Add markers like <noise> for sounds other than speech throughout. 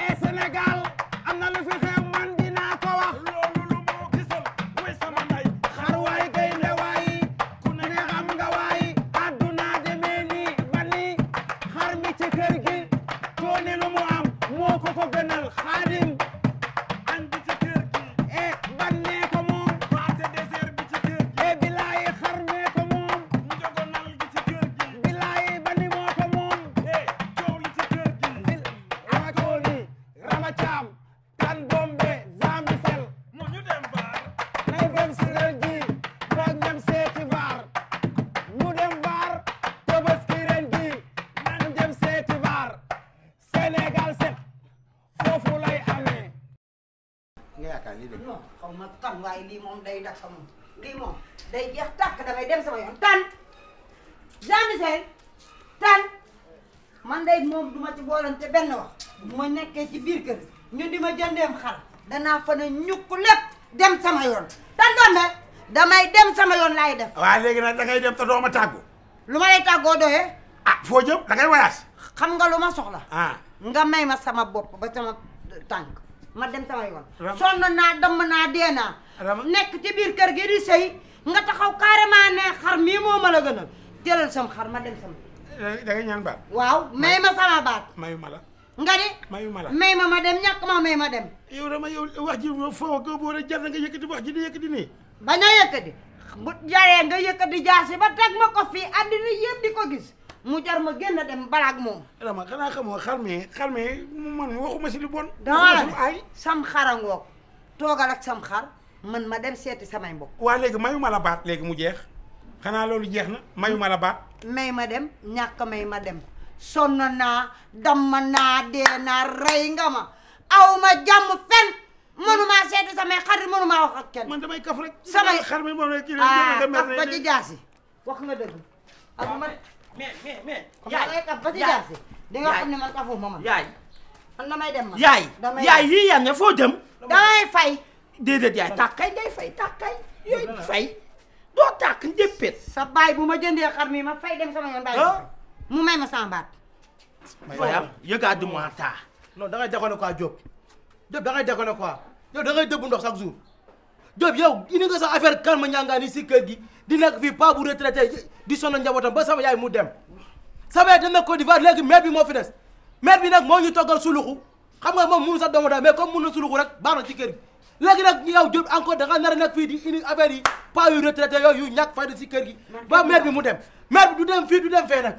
e Sénégal am na lu fi xew xaw ma tan waaye lii moom day dakk sa moom lii moom day jeex tàkk damay dem sama yoon tan Jean oh, Michel eh? ah, ah. tan man day moom du ma ci boolante benn wax ma nekkee ci biir kër ñu di ma jëndeem xar danaa fa ne ñukk lépp dem sama yoon tan doon damay dem sama yoon laay def waaw léegi nag da dem te doo ma tàggu lu ma lay tàggoo doyee ah foo jëm da wayaas xam nga lu ma soxla nga may ma sama bopp ba sama tànk ma dem sama yoon. sonn naa damm naa dee naa. nekk ci biir kër gi di sëy nga taxaw carrément ne xar mii moo ma la gënal jëlal sam xar ma dem sama. da nga ñaan baat. waaw may ma sama baat. mayu ma la. nga ni mayu ma la may ma ma dem ñàkk ma may ma dem. yow ma yow wax ji foo ko boo jar na nga yëkkati di yëkkati nii. bañ a yëkkati bu jaree nga yëkkati jaasi ba teg ma ko fii àddina yëpp di ko gis. mu jar ma génn dem balaag moom. rama xanaa xamoo xarme xarme man waxuma si lu bon. dama la ay sam xarangoog toogal ak sam xar man ma dem seeti samay mbokk. waa léegi mayu ma la baat léegi mu jeex xanaa loolu jeex na mayu ma la baat. may ma dem ñàkk may ma dem sonn naa damm naa dee naa rey nga ma aw ma jàmm fenn. mënumaa seetu samay xarit mënumaa wax ak kenn. man damay kaf rek. samay xar mi moom rek. ah kaf ba ci jaasi. wax nga dëgg mais mais mais. yaay kaf ba ci jaar si. di nga xam ne man kafu ma man. yaay man damay dem man. yaay foo jëm. damay fay. déedéet yaay tàkkay ngay fay tàkkay yooyu fay. doo tàkk njëppet. sa baay bu ma jëndee xar mi ma fay dem sama yoon baay ah. mu may ma sama baat. waaw yëgaat du mu non da ngay déconné quoi Diop Diop da ngay déconné quoi yow da ngay dëbb ndox chaque jour. Diop yow indi nga sa affaire Karma Ndiangane si kër gi di nekk fii pas bu retraité di sonal njabootam ba sama yaay mu dem sama yaay dana Côte d'Ivoire léegi maire bi moo fi des maire bi nag moo ñu toggal suluxu xam nga moom mënu sa doomu daal mais comme mën na suluxu rek baax na ci kër gi léegi nag yow Diop encore da nga nar a nekk fii di indi affaire yi pas yu retraité yooyu yu ñàkk fayda si kër gi ba maire mu dem maire bi du dem fii du dem fee nag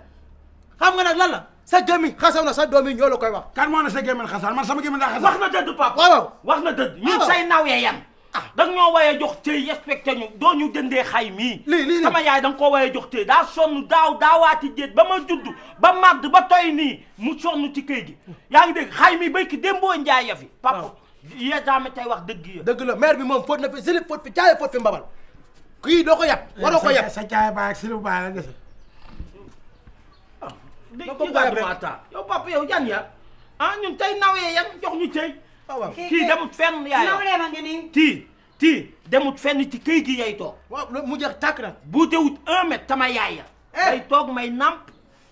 xam nga nag la sa gémmiñ xasaw na sa doom yi ñoo la koy wax kan moo ne sa gémmiñ xasaan man sama gémmiñ daa xasaan wax na dëgg papa waaw wax na dëgg ñun say naw yee Ah, danga ñoo waye jox cëy respecté ñu doo ñu jëndee xay mii lii sama yaay danga koo waye jox cëy daa sonn daaw daawaati jéet ba ma judd ba màgg ba toy nii mu sonn ci këy yaa ngi dégg xay mii béyki démboo njaay ya fi papa ah. yeesaame tey wax dëgg ya dëgg la maire bi moom fóot na fi silib fóot fi caaye fóot fi mbabal kii doo ko yab waroo ko yab sa caaye baa ak silib la ah, dese yow papa yow yan yar ah ñun tey nawee yan jox ñu waaw kii demut fenn yaay tii tii demut fenn ci këy gi yay toog. waaw mu jeex tàkk na. bu teewut un mètre tama yaaya. Eh. day toog may namp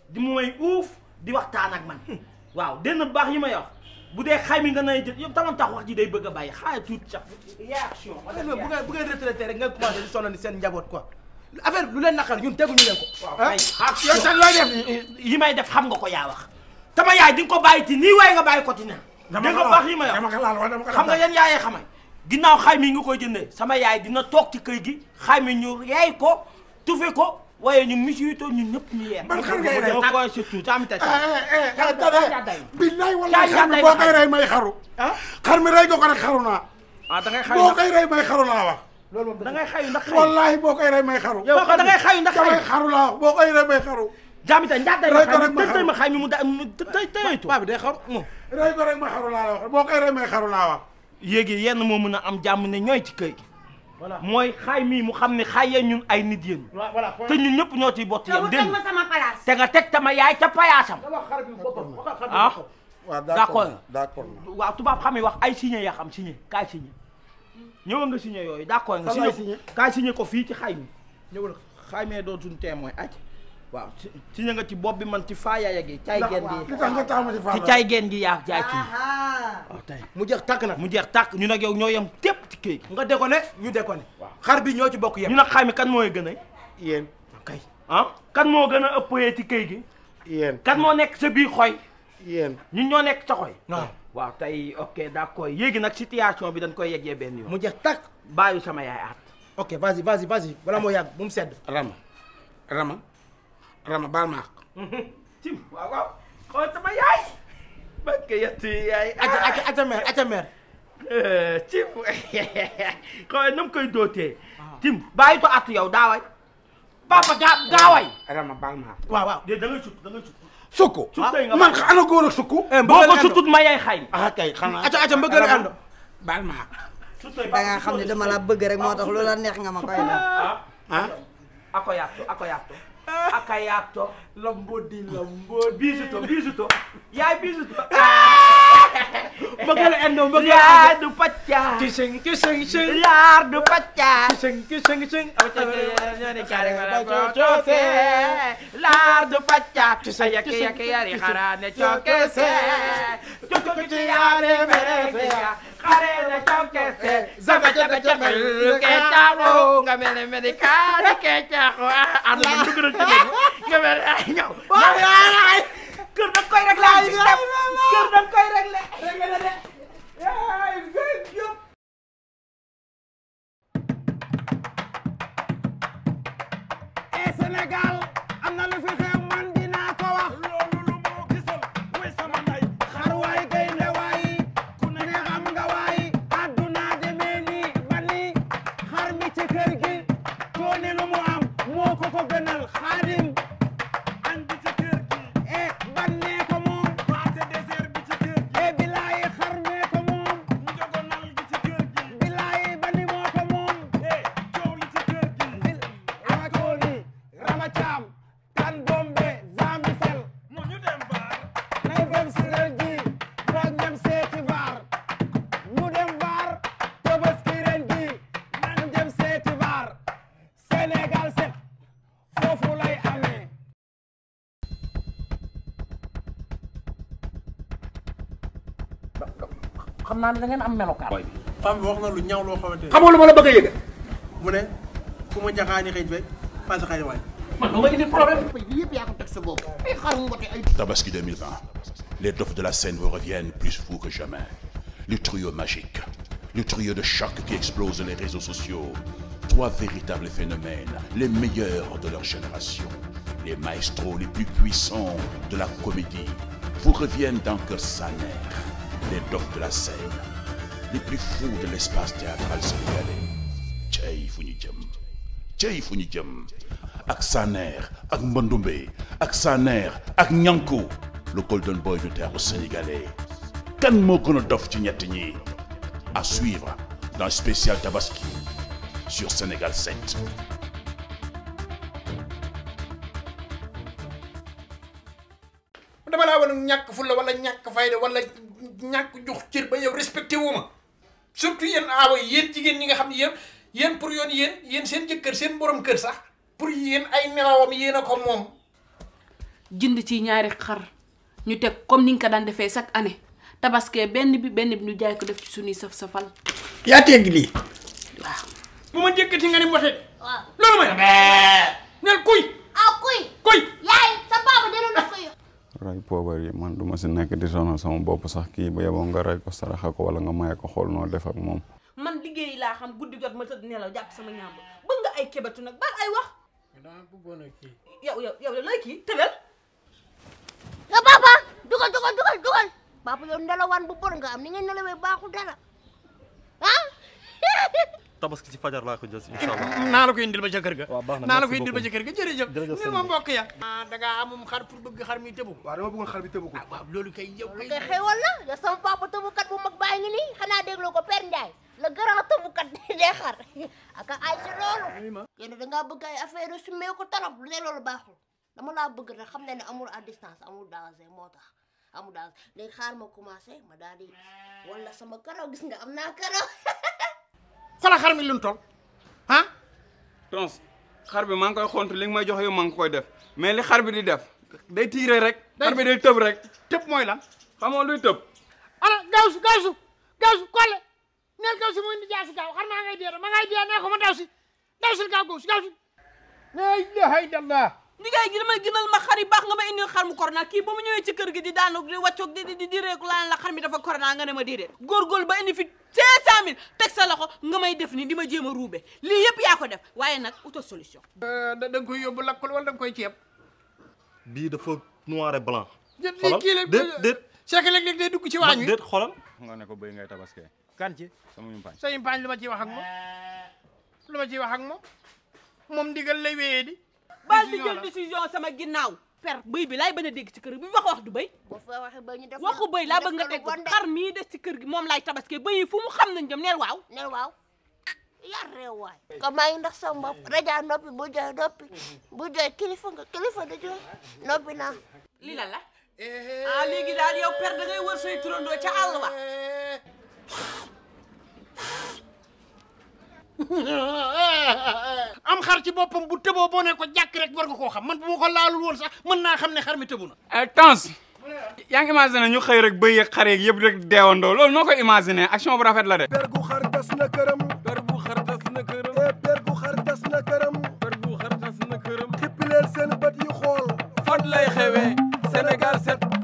di mu may uuf di waxtaan ak man. Hmm. waaw den denn baax yi ma wax bu dee xay mi nga nay jël yow tamit tax wax ji bëgg a bàyyi xaaya tuut sax. Eh, bu nga bu rek nga commencé di sonal seen njaboot ko affaire lu leen naqar ñun teguñu leen ko. waaw ah? kay yow sax looy yi may def xam nga ko yaa wax. tama yaay di ko bàyyi ci nii waaye nga bàyyi ko ci dama ko baax yi ma dama ko laal dama ko xam nga yéen yaayee xamay ginnaaw xay mi nga koy jëndee sama yaay dina toog ci kër gi xay mi ñu yaay ko tufe ko waaye ñu misito ñun ñëpp ñu yeer man xar ngay rey ko surtout tam ta billahi wallahi xar mi boo koy rey may xaru ah? xar mi rey nga ko rek xaru naa ah da ngay xay boo koy rey may xaru laa wax loolu moom da ngay xayu ndax xayu wallahi boo koy rey may xaru yow da ngay xayu ndax xayu xaru laa wax boo koy rey may xaru jaamita njaatay ma xay mi mu da tey tey to baabi day xaru rey ko rek ma xaru laa la wax boo koy rey may xaru laa wax yéegi yenn moo mën a am jàmm ne ñooy ci kër gi voilà mooy xaay mii mu xam ne xaay ya ñun ay nit yéen te ñun ñëpp ñoo ciy bott yam dégg te nga teg tama yaay ca payaasam ah d'accord d'accord waaw tubaab xam wax ay signé yaa xam signé kaay signé ñëwa nga signé yooyu d'accord nga signé kaay ko fii ci xaay mi ñëwal xaay mee doon suñu témoin aj waaw ci ña nga ci bopp bi man ci faayaaya gi caay gen gi nga taamu ci faayaaya ci caay geen gi yaa yaa ci waaw mu jeex takk nag mu jeex tàkk ñu nag yow ñoo yam tépp ci kii nga déconné ñu déconné waaw xar bi ñoo ci bokk yem ñu nag xaami kan mooy gën a yéen kay ah kan moo gën a ëppee ci kay gi yéen moo nekk sa biir xoy yéen ñu ñoo nekk sa xoy ah. waaw tey ok d'accord yéegi nag situation bi dañ koy yeggee benn yoon mu jeex takk bàyyi sama yaay aat ok vas-y vas-y vas-y moo yàgg bu mu sedd rama rama rama baal ma cim waaw waaw xool sama yaay bakk yettu yaay aca mer aca mer cim xool koy dootee cim bàyyi ko at yow daaway papa gaa gaaway rama baal ma waaw waaw da ngay sut sukku man ana góor ak sukku eh, boo ko sutut ma yaay ah, kay aca aca mbëgg rek ànd baal ma la bëgg moo tax loola neex nga ma koy def ah, ah. ako yàttu ako yàttu aka yato lombodi lombodi bisuto bisuto yaay bisuto mbagal endo mbagal yaar du pacca kiseng kiseng kiseng yaar du pacca kiseng kiseng kiseng yaar du pacca kiseng yake yake yaari harane choke se choke yaare xare na caw kese zaba jaba jaba ke caaxo nga mel ne mel ni kaani ke caaxo ah am na dugg na ci nga mel ne xam naa ne am melokaan. femme bi wax na lu ñaaw loo xamante ne. xamoo lu la bëgg a ne ku ma jaxaani xëy be paase xëy waay. man doo ma indi problème. lii yëpp yaa sa bopp. les dofs de la scène vous reviennent plus fous que jamais le trio magique le trio de choc qui explose les réseaux sociaux trois véritables phénomènes les meilleurs de leur génération les maestros les plus puissants de la comédie vous reviennent dans Kër Saner. les docs de la scène les plus fous de l'espace théâtral sénégalais cey fu ñu jëm cey fu ñu jëm ak Saner ak Mbandumbe ak Saner ak Ñanku le golden boy du théâtre sénégalais kan moo gën dof ci ñett ñi à suivre dans spécial Tabaski sur Sénégal 7. ñàkk jox cër ba yow respecté wu ma surtout yéen aawa yéen jigéen ñi nga xam ne yéen yéen pour yoon yéen yéen seen jëkkër seen borom kër sax pour yéen ay nelawam yéen a ko moom. jënd ci ñaari xar ñu teg comme ni nga ko daan defee chaque année tabaske benn bi benn bi ñu jaay ko def ci suñuy saf-safal. yaa tegg lii. waaw. bu ma jëkkati nga ni mbote. loolu mooy. neel kuy. ah kuy. kuy. yaay sa papa dina na kuy. ray poobar yi man du ma si nekk di sonal sama bopp sax kii ba yeboo nga ko wala nga maye ko xool noo def ak moom man liggéey laa xam guddi jot ma tëdd nelaw jàpp sama ñaam bëgg nga ay kebatu nag bal ay wax a lay kii tëbel nga papa dugal dugal dugal dugal papa yow nelawaan bu bon nga am ni nga nelawee baaxul dara ah <laughs> tabaski ci fajar laa ko jël incha allah <laughs> naa la ko indil ba ca kër ga naa la ko indil ba ca kër ga jërëjëf ni ma ah, amum xar pour bëgg xar mi tëbu waaw dama bëggoon xar mi tëbu ko ah, waaw loolu kay la yow sama papa tëbukat bu <laughs> aka ay loolu yéen da ngaa bëgg ay affaire su mee ko torop lu ne loolu baaxul dama laa bëgg rek xam ne ne amul à distance amul danger moo tax amul danger léegi xaar ma commencé ma daal di wala sama karaw gis nga am naa karaw <laughs> xoolal xar mi lu mu toll ah. tons xar bi maa ngi koy xont li nga may jox yow maa koy def mais li xar bi di def day tiire rek. day xar bi tëb rek. tëb mooy lan. xamoo luy tëb. alors gawsu gawsu gawsu kolle neel gawsu mu indi jaasi gaaw xar maa ngay dee ma ngay dee nee ko ma daw si daw si gaaw gawsu gawsu. la ilaha illallah. liggéey gi dama gënal ma xar yi baax nga ma indil xar mu corona kii ba mu ñëwee ci ki gi di daanu di wàccoog di di di réeku laan dafa corona nga ne ma déedéet góorgóorlu ba indi fi cinq cent mille teg sa nga may def nii di ma jéem a ruube lii yëpp yaa ko def waaye nag auto solution eh, da nga koy yóbbu lakkul wala da nga koy ceeb bii dafa noir et blanc xoolal déet déet c'est que léeg-léeg day dugg ci waañ wi déet xoolal ko bëy ngay tabaskee kan ci sama yumpaañ sa yumpaañ lu ma ciy wax ak moom lu ma ciy wax ak moom moom ndigal lay wéyee di baal di jël décision sama ginnaaw per bëy bi laay bañ a dégg ci kër bi wax wax du bay waxu bëy laa bëgg nga teg xar mii des ci kër gi moom laay tabaske bëy yi fu mu xam nañ jëm neel waaw neel waaw yar reew waay ko maa ngi ndax sama bopp rajaa noppi bu jooy noppi bu jooy kilifa nga kilifa da jooy noppi naa lii la la ah léegi daal yow per da ngay wër say turandoo ca àll wa <laughs> am xar ci boppam bu tëboo boo ne ko jàkk rek war nga koo xam man bu ma ko laalul woon sax mën naa xam ne xar mi tëbu na eh, Tange yaa ngi ñu xëy rek bëy yeeg xar yeeg yëpp rek deewandoo loolu noo koy imaginer action bu rafet la de per gu xar tas na këram per gu xar tas na këram eh, per gu seen bët yi xool fan lay xewee Sénégal set